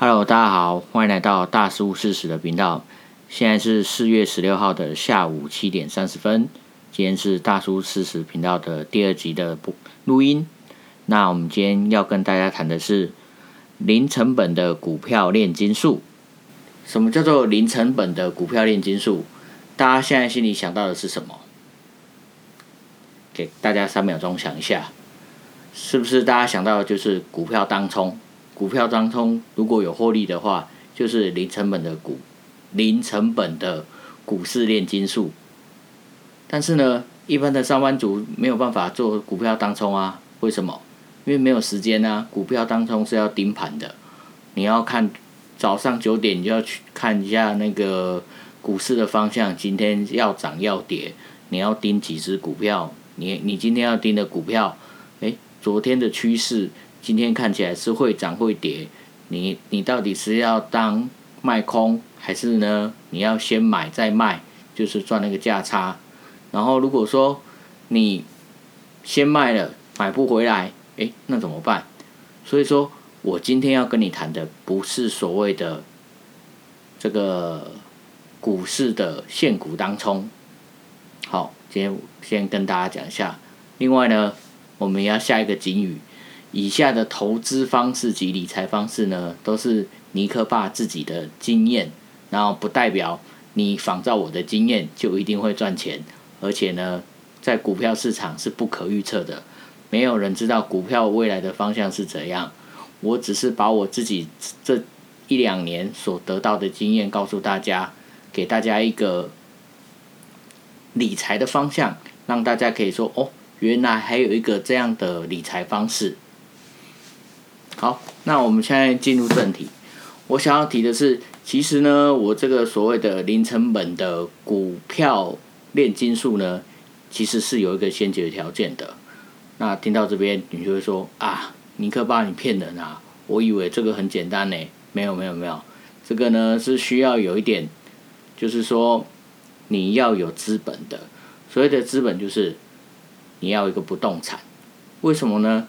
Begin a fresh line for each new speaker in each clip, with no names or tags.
Hello，大家好，歡迎來到大叔四十的頻道。現在是四月十六號的下午七點三十分，今天是大叔四十頻道的第二集的播錄音。那我們今天要跟大家談的是零成本的股票煉金術。什麼叫做零成本的股票煉金術？大家現在心裡想到的是什麼？給大家三秒鐘想一下，是不是大家想到的就是股票當沖？股票當沖如果有獲利的話，就是零成本的股，零成本的股市煉金術。但是呢，一般的上班族沒有辦法做股票當沖啊。為什麼？因為沒有時間啊！股票當沖是要盯盤的，你要看早上九點，你就要去看一下那個股市的方向，今天要漲要跌，你要盯幾隻股票，你你今天要盯的股票，哎、欸，昨天的趨勢。今天看起來是會漲會跌，你你到底是要當賣空，還是呢？你要先買再賣，就是賺那個價差。然後如果說你先賣了買不回來，哎、欸，那怎麼辦？所以說，我今天要跟你談的不是所謂的這個股市的現股當沖。好，今天先跟大家講一下。另外呢，我們要下一個警語。以下的投資方式及理財方式呢，都是尼克爸自己的經驗，然後不代表你仿照我的經驗就一定會賺錢。而且呢，在股票市場是不可預測的，沒有人知道股票未來的方向是怎樣。我只是把我自己這一兩年所得到的經驗告訴大家，給大家一個理財的方向，讓大家可以說，哦，原來還有一個這樣的理財方式。好，那我們現在進入正題。我想要提的是，其實呢，我這個所謂的零成本的股票煉金術呢，其實是有一個先決條件的。那聽到這邊，你就會說啊，尼克爸，你騙人啊！我以為這個很簡單呢。沒有，沒有，沒有，這個呢是需要有一點，就是說你要有資本的。所謂的資本就是你要一個不動產。為什麼呢？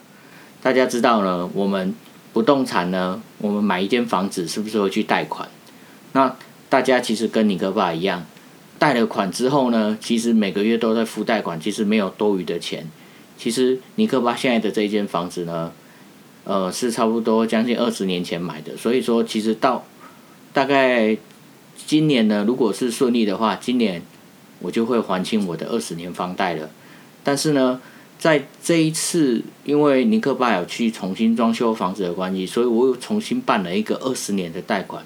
大家知道呢，我們不動產呢，我們買一間房子是不是會去貸款？那大家其實跟尼克爸一樣，貸了款之後呢，其實每個月都在付貸款，其實沒有多餘的錢。其實尼克爸現在的這一間房子呢，呃，是差不多將近二十年前買的，所以說其實到大概今年呢，如果是順利的話，今年我就會還清我的二十年房貸了。但是呢，在這一次，因為尼克爸有去重新裝修房子的關係，所以我又重新辦了一個二十年的貸款。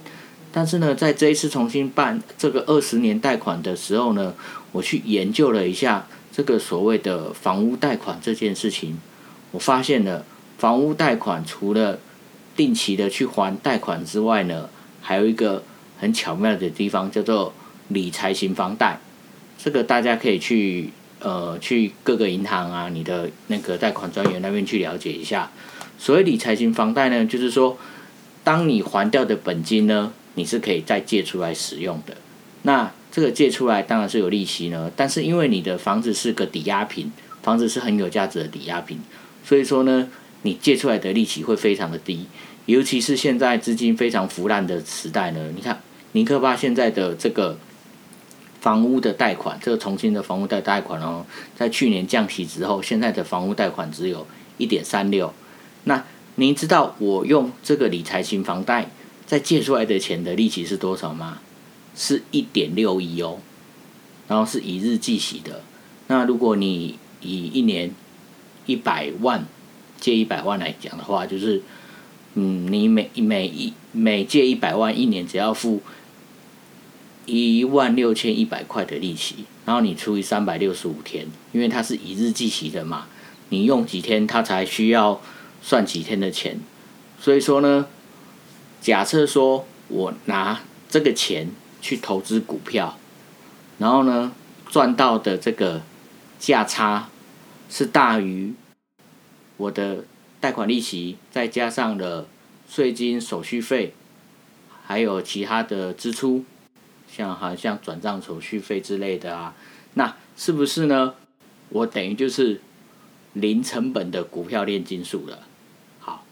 但是呢，在這一次重新辦這個二十年貸款的時候呢，我去研究了一下這個所謂的房屋貸款這件事情，我發現了房屋貸款除了定期的去還貸款之外呢，還有一個很巧妙的地方叫做理財型房貸，這個大家可以去。呃，去各個銀行啊，你的那個貸款專員那邊去了解一下。所謂理財型房貸呢，就是說，當你還掉的本金呢，你是可以再借出來使用的。那這個借出來當然是有利息呢，但是因為你的房子是個抵押品，房子是很有價值的抵押品，所以說呢，你借出來的利息會非常的低。尤其是現在資金非常腐爛的時代呢，你看，尼克爸現在的這個。房屋的貸款，這個重慶的房屋貸貸款哦、喔，在去年降息之後，現在的房屋貸款只有一點三六。那您知道我用這個理財型房貸在借出來的錢的利息是多少嗎？是一點六一哦，然後是以日計息的。那如果你以一年一百萬借一百萬來講的話，就是嗯，你每每一每，每借一百萬一年，只要付。一萬六千一百塊的利息，然後你除以三百六十五天，因為它是一日計息的嘛，你用幾天它才需要算幾天的錢，所以說呢，假設說我拿這個錢去投資股票，然後呢賺到的這個價差是大於我的貸款利息，再加上了稅金、手續費，還有其他的支出。像好像轉賬手續費之類的啊，那是不是呢？我等於就是零成本的股票煉金術了。好，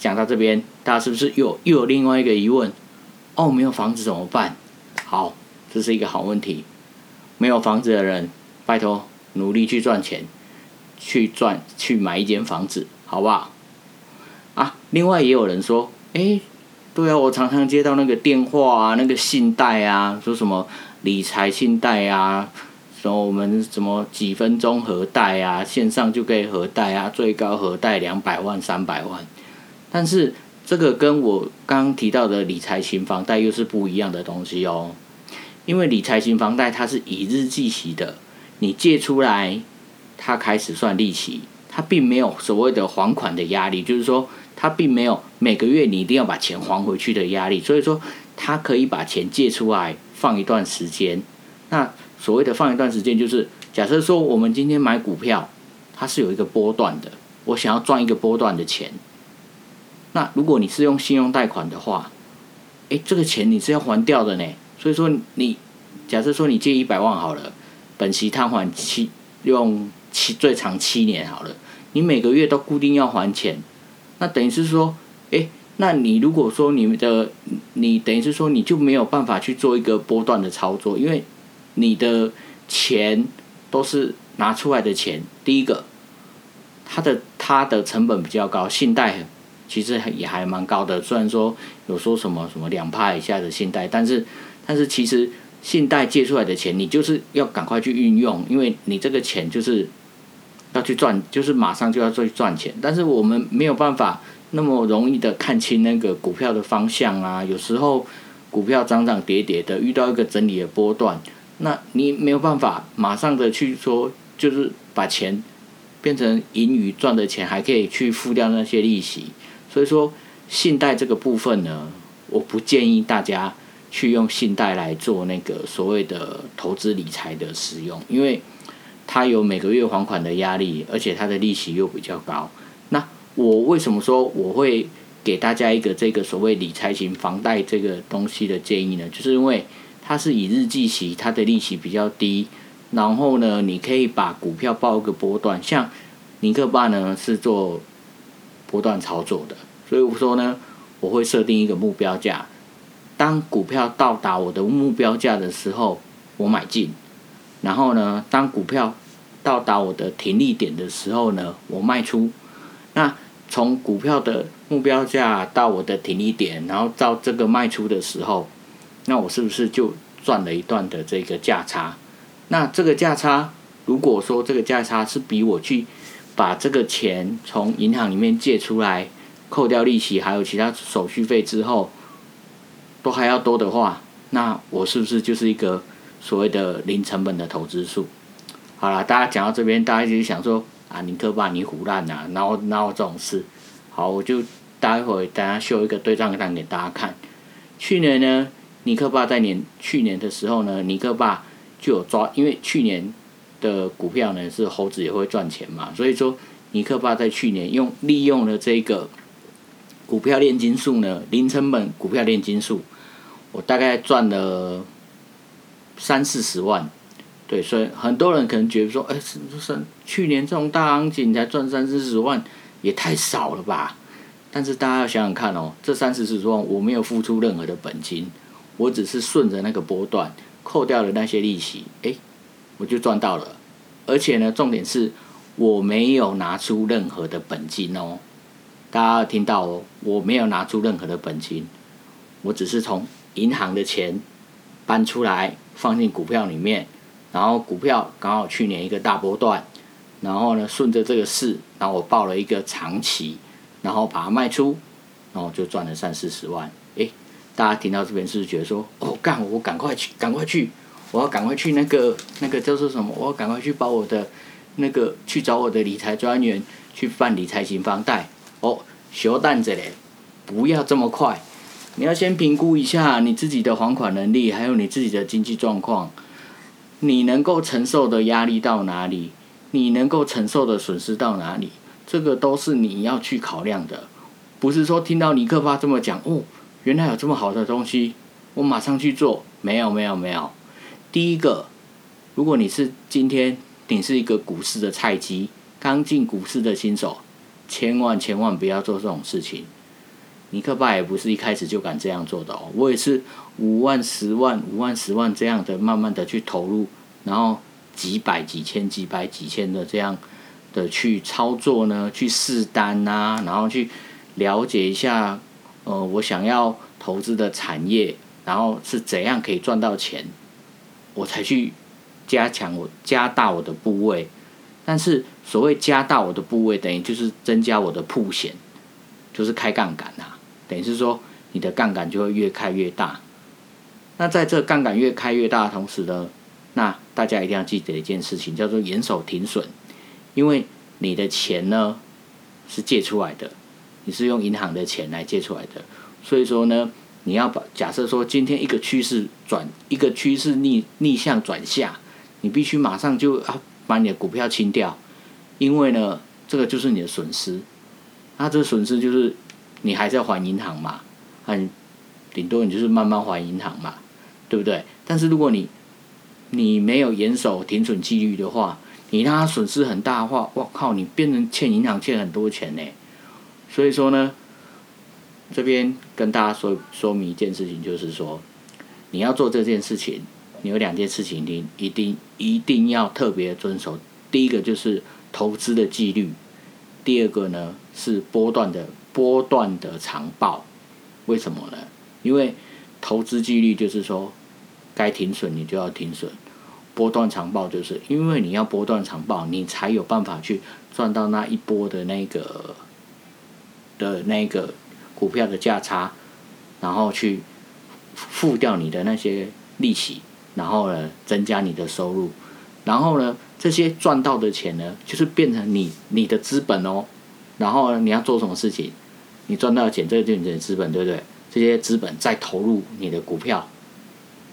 講到這邊，大家是不是又有又有另外一個疑問？哦，沒有房子怎麼辦？好，這是一個好問題。沒有房子的人，拜託努力去賺錢，去賺去買一間房子，好不好？啊，另外也有人說，哎、欸。對啊，我常常接到那個電話啊，那個信貸啊，說什麼理財信貸啊，說我們什麼幾分鐘核貸啊，線上就可以核貸啊，最高核貸兩百萬、三百萬。但是這個跟我剛剛提到的理財型房貸又是不一樣的東西哦，因為理財型房貸它是以日計息的，你借出來它開始算利息，它並沒有所謂的還款的壓力，就是說。他並沒有每個月你一定要把錢還回去的壓力，所以說他可以把錢借出來放一段時間。那所謂的放一段時間，就是假設說我們今天買股票，它是有一個波段的，我想要賺一個波段的錢。那如果你是用信用貸款的話，哎、欸，這個錢你是要還掉的呢。所以說你假設說你借一百萬好了，本息攤還七用七，最長七年好了，你每個月都固定要還錢。那等於是說，哎、欸，那你如果說你的，你等於是說你就沒有辦法去做一個波段的操作，因為你的錢都是拿出來的錢，第一個，它的它的成本比較高，信貸其實也還蠻高的，雖然說有說什麼什麼兩趴以下的信貸，但是但是其實信貸借出來的錢你就是要趕快去運用，因為你這個錢就是。要去賺，就是馬上就要去賺錢，但是我們沒有辦法那麼容易的看清那個股票的方向啊。有時候股票漲漲跌跌的，遇到一個整理的波段，那你沒有辦法馬上的去說，就是把錢變成盈餘賺的錢，還可以去付掉那些利息。所以說，信貸這個部分呢，我不建議大家去用信貸來做那個所謂的投資理財的使用，因為。他有每個月還款的壓力，而且他的利息又比較高。那我為什麼說我會給大家一個這個所謂理財型房貸這個東西的建議呢？就是因為它是以日計息，它的利息比較低。然後呢，你可以把股票抱個波段，像尼克爸呢是做波段操作的，所以我說呢，我會設定一個目標價，當股票到達我的目標價的時候，我買進。然後呢，當股票到達我的停利點的時候呢，我賣出。那從股票的目標價到我的停利點，然後到這個賣出的時候，那我是不是就賺了一段的這個價差？那這個價差，如果說這個價差是比我去把這個錢從銀行裡面借出來，扣掉利息，還有其他手續費之後，都還要多的話，那我是不是就是一個？所謂的零成本的投資術。好啦，大家講到這邊，大家就想說啊，尼克爸你唬爛啊，然後然後這種事，好，我就待會兒等下秀一個對賬單給大家看。去年呢，尼克爸在年去年的時候呢，尼克爸就有抓，因為去年的股票呢是猴子也會賺錢嘛，所以說尼克爸在去年用利用了這個股票煉金術呢，零成本股票煉金術，我大概賺了。三四十萬，對，所以很多人可能覺得說，哎，這去年這種大行情才賺三四十萬，也太少了吧？但是大家要想想看哦，這三四十萬我沒有付出任何的本金，我只是順着那個波段，扣掉了那些利息，哎，我就賺到了。而且呢，重點是我沒有拿出任何的本金哦，大家要聽到哦，我沒有拿出任何的本金，我只是從銀行的錢。搬出來放進股票裡面，然後股票剛好去年一個大波段，然後呢順着這個勢，然後我抱了一個長期，然後把它賣出，然後就賺了三四十萬。誒，大家聽到這邊是不是覺得說，哦，幹我趕快去，趕快去，我要趕快去那個那個叫做什麼，我要趕快去把我的那個去找我的理財專員去辦理財型房貸。哦，稍等一下，不要這麼快。你要先評估一下你自己的還款能力，還有你自己的經濟狀況，你能夠承受的壓力到哪裡，你能夠承受的損失到哪裡，這個都是你要去考量的。不是說聽到尼克爸這麼講，哦，原來有這麼好的東西，我馬上去做。沒有，沒有，沒有。第一個，如果你是今天你是一個股市的菜雞，剛進股市的新手，千萬千萬不要做這種事情。尼克爸也不是一開始就敢這樣做的哦，我也是五萬、十萬、五萬、十萬這樣的慢慢的去投入，然後幾百、幾千、幾百、幾千的這樣的去操作呢，去試單啊，然後去了解一下，呃，我想要投資的產業，然後是怎樣可以賺到錢，我才去加強我，加大我的部位，但是所謂加大我的部位，等於就是增加我的曝險，就是開槓桿啊。等於是說，你的槓桿就會越開越大。那在這槓桿越開越大的同時呢，那大家一定要記得一件事情，叫做嚴守停損，因為你的錢呢是借出來的，你是用銀行的錢來借出來的，所以說呢，你要把假設說今天一個趨勢轉一個趨勢逆逆向轉下，你必須馬上就，啊，把你的股票清掉，因為呢，這個就是你的損失，那這個損失就是。你還是要還銀行嘛，很頂多你就是慢慢還銀行嘛，對不對？但是如果你你沒有嚴守、停損紀律的話，你讓他損失很大的話，我靠，你變成欠銀行欠很多錢呢。所以說呢，這邊跟大家說說明一件事情，就是說你要做這件事情，你有兩件事情你一定一定要特別遵守。第一個就是投資的紀律。第二個呢是波段的波段的長抱，為什麼呢？因為投資紀律就是說，該停損你就要停損。波段長抱，就是因為你要波段長抱，你才有辦法去賺到那一波的那個的那個股票的價差，然後去付掉你的那些利息，然後呢增加你的收入。然後呢，這些賺到的錢呢，就是變成你你的資本哦。然後呢，你要做什麼事情，你賺到的錢，這個、就是你的資本，對不對？這些資本再投入你的股票，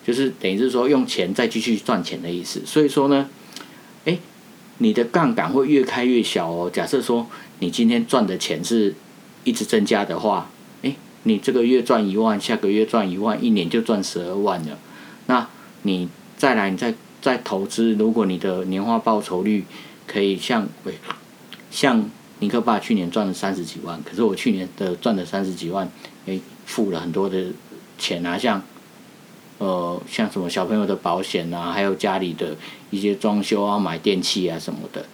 就是等於是說用錢再繼續賺錢的意思。所以說呢，哎，你的槓桿會越開越小哦。假設說你今天賺的錢是一直增加的話，哎，你這個月賺一萬，下個月賺一萬，一年就賺十二萬了。那你再來，你再。在投資，如果你的年化報酬率可以像，喂、欸，像尼克爸去年賺了三十幾萬，可是我去年的賺了三十幾萬，誒、欸，付了很多的錢啊，像，呃，像什麼小朋友的保險啊，還有家裡的一些裝修啊，買電器啊什麼的。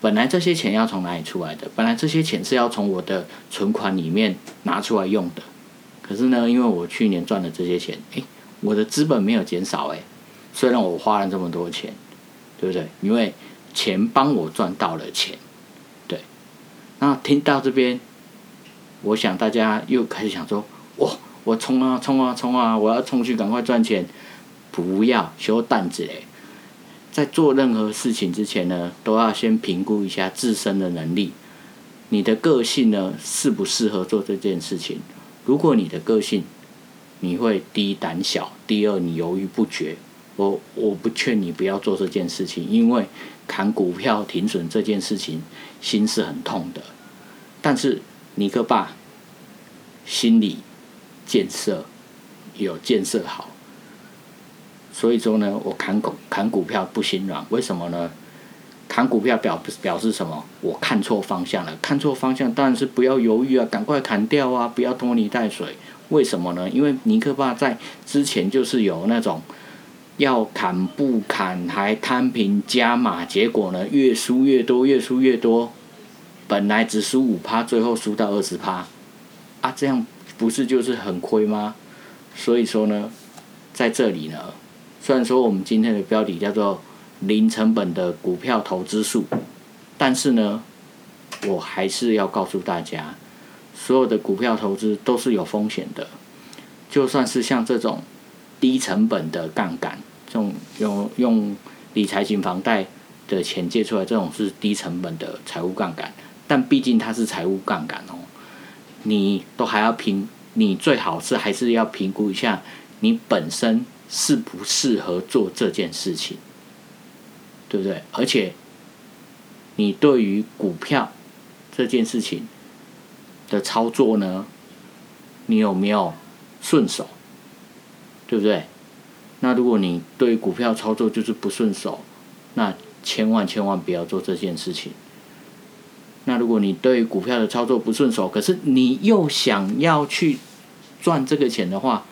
本來這些錢要從哪裡出來的？本來這些錢是要從我的存款裡面拿出來用的。可是呢，因為我去年賺的這些錢，誒、欸，我的資本沒有減少，欸，誒。雖然我花了這麼多錢，對不對？因為錢幫我賺到了錢，對。那聽到這邊，我想大家又開始想說：“我我衝啊衝啊衝啊！我要衝去趕快賺錢！”不要休蛋子咧。在做任何事情之前呢，都要先評估一下自身的能力。你的個性呢，適不適合做這件事情？如果你的個性，你會第一膽小，第二你猶豫不決。我我不勸你不要做這件事情，因為砍股票停損這件事情心是很痛的。但是尼克爸心理建設有建設好，所以說呢，我砍股砍股票不心軟。為什麼呢？砍股票表表示什麼？我看錯方向了，看錯方向當然是不要猶豫啊，趕快砍掉啊，不要拖泥帶水。為什麼呢？因為尼克爸在之前就是有那種。要砍不砍還攤平加碼，結果呢，越輸越多越輸越多，本來只輸五趴，最後輸到二十趴，啊這樣不是就是很虧嗎？所以說呢，在這裡呢，雖然說我們今天的標題叫做零成本的股票投資術，但是呢，我還是要告訴大家，所有的股票投資都是有風險的，就算是像這種低成本的槓桿。這種用用理財型房貸的錢借出來，這種是低成本的財務槓桿，但畢竟它是財務槓桿哦，你都還要評，你最好是還是要評估一下你本身適不適合做這件事情，對不對？而且你對於股票這件事情的操作呢，你有沒有順手，對不對？那如果你對股票操作就是不順手，那千萬千萬不要做這件事情。那如果你對股票的操作不順手，可是你又想要去賺這個錢的話，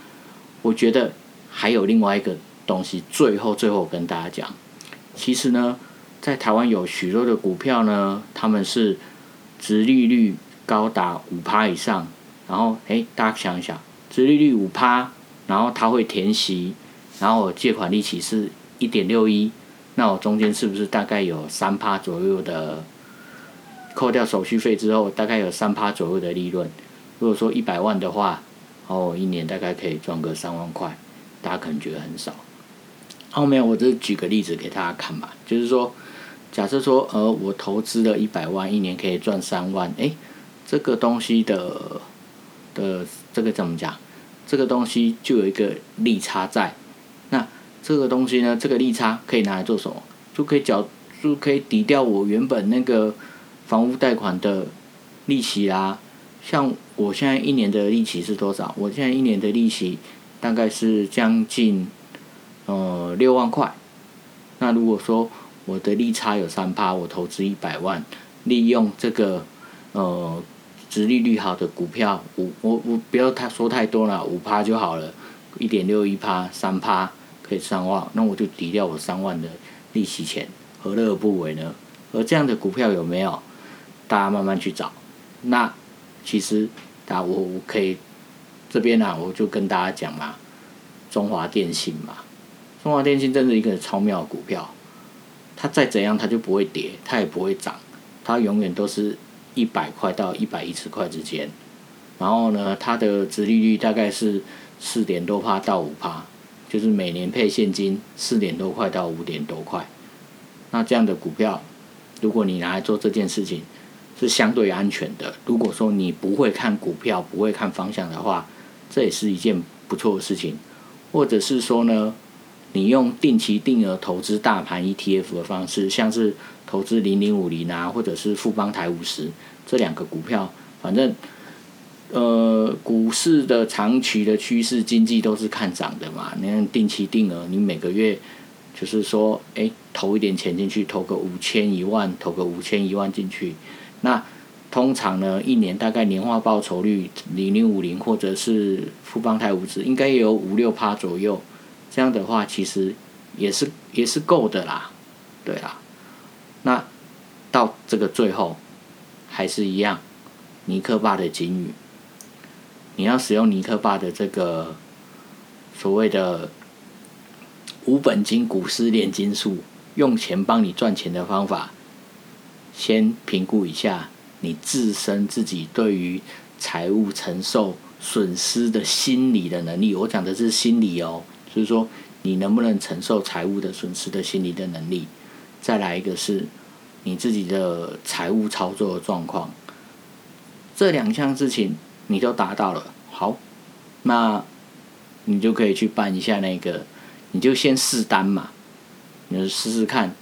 我覺得還有另外一個東西。最後，最後跟大家講，其實呢，在台灣有許多的股票呢，他們是殖利率高達五趴以上。然後，誒、欸，大家想一想，殖利率五趴，然後它會填息。然後我借款利息是一點六一，那我中間是不是大概有三趴左右的，扣掉手續費之後，大概有三趴左右的利潤。如果說一百萬的話，哦，一年大概可以賺個三萬塊，大家可能覺得很少。後面我就舉個例子給大家看吧，就是說，假設說呃我投資了一百萬，一年可以賺三萬，哎，這個東西的的這個怎麼講？這個東西就有一個利差在。這個東西呢，這個利差可以拿來做什麼？就可以繳，就可以抵掉我原本那個房屋貸款的利息啦、啊。像我現在一年的利息是多少？我現在一年的利息大概是將近呃六萬塊。那如果說我的利差有三趴，我投資一百萬，利用這個呃殖利率好的股票，我我我不要他說太多了，五趴就好了，一點六一趴，三趴。可以三萬，那我就抵掉我三萬的利息錢，何樂而不為呢？而這樣的股票有沒有？大家慢慢去找。那其實，打、啊、我我可以這邊呢、啊，我就跟大家講嘛，中華電信嘛，中華電信真是一個超妙的股票，它再怎樣它就不會跌，它也不會漲，它永遠都是一百塊到一百一十塊之間。然後呢，它的殖利率大概是四點多趴到五趴。就是每年配現金四點多塊到五點多塊，那這樣的股票，如果你拿來做這件事情，是相對安全的。如果說你不會看股票，不會看方向的話，這也是一件不錯的事情。或者是說呢，你用定期定額投資大盤 ETF 的方式，像是投資零零五零啊，或者是富邦台五十這兩個股票，反正。呃，股市的長期的趨勢，經濟都是看漲的嘛。你看定期定額，你每個月就是說，哎、欸，投一點錢進去，投個五千一萬，投個五千一萬進去。那通常呢，一年大概年化報酬率零零五零，或者是富邦台五十，應該也有五六趴左右。這樣的話，其實也是也是夠的啦，對啦。那到這個最後，還是一樣，尼克爸的警語。你要使用尼克巴的這個所謂的無本金股市煉金術，用錢幫你賺錢的方法，先評估一下你自身自己對於財務承受損失的心理的能力。我講的是心理哦、喔，所以說你能不能承受財務的損失的心理的能力？再來一個是你自己的財務操作狀況，這兩項事情，你都達到了，好，那，你就可以去辦一下那個，你就先試單嘛，你就試試看，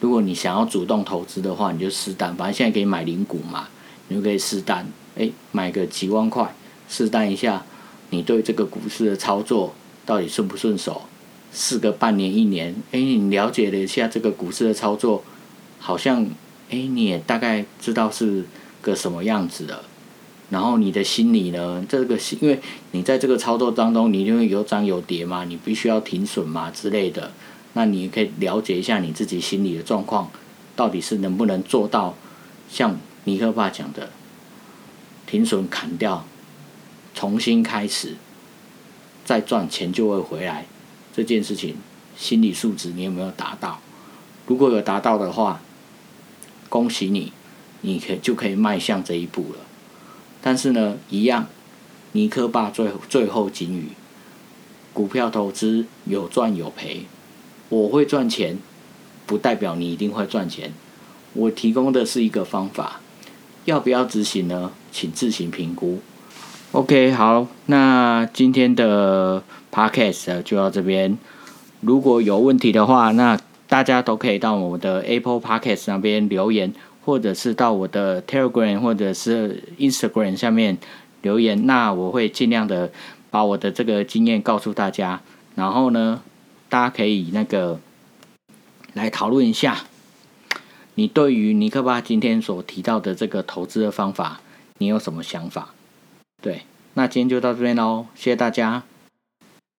如果你想要主動投資的話，你就試單，反正現在可以買零股嘛，你就可以試單，哎、欸，買個幾萬塊，試單一下，你對這個股市的操作到底順不順手，試個半年一年，哎、欸，你了解了一下這個股市的操作，好像，哎、欸，你也大概知道是個什麼樣子了。然後你的心理呢？這個心，因為你在這個操作當中，你因為有漲有跌嘛，你必須要停損嘛之類的。那你可以了解一下你自己心理的狀況，到底是能不能做到像尼克爸講的停損砍掉，重新開始，再賺錢就會回來這件事情，心理素質你有沒有達到？如果有達到的話，恭喜你，你可就可以邁向這一步了。但是呢，一樣，尼克爸最後最後警語：股票投資有賺有賠，我會賺錢，不代表你一定會賺錢。我提供的是一個方法，要不要執行呢？請自行評估。OK，好，那今天的 Podcast 就到這邊。如果有問題的話，那大家都可以到我們的 Apple Podcast 那邊留言。或者是到我的 Telegram 或者是 Instagram 下面留言，那我會盡量的把我的這個經驗告訴大家。然後呢，大家可以那個來討論一下，你對於尼克爸今天所提到的這個投資的方法，你有什麼想法？對，那今天就到這邊嘍，謝謝大家。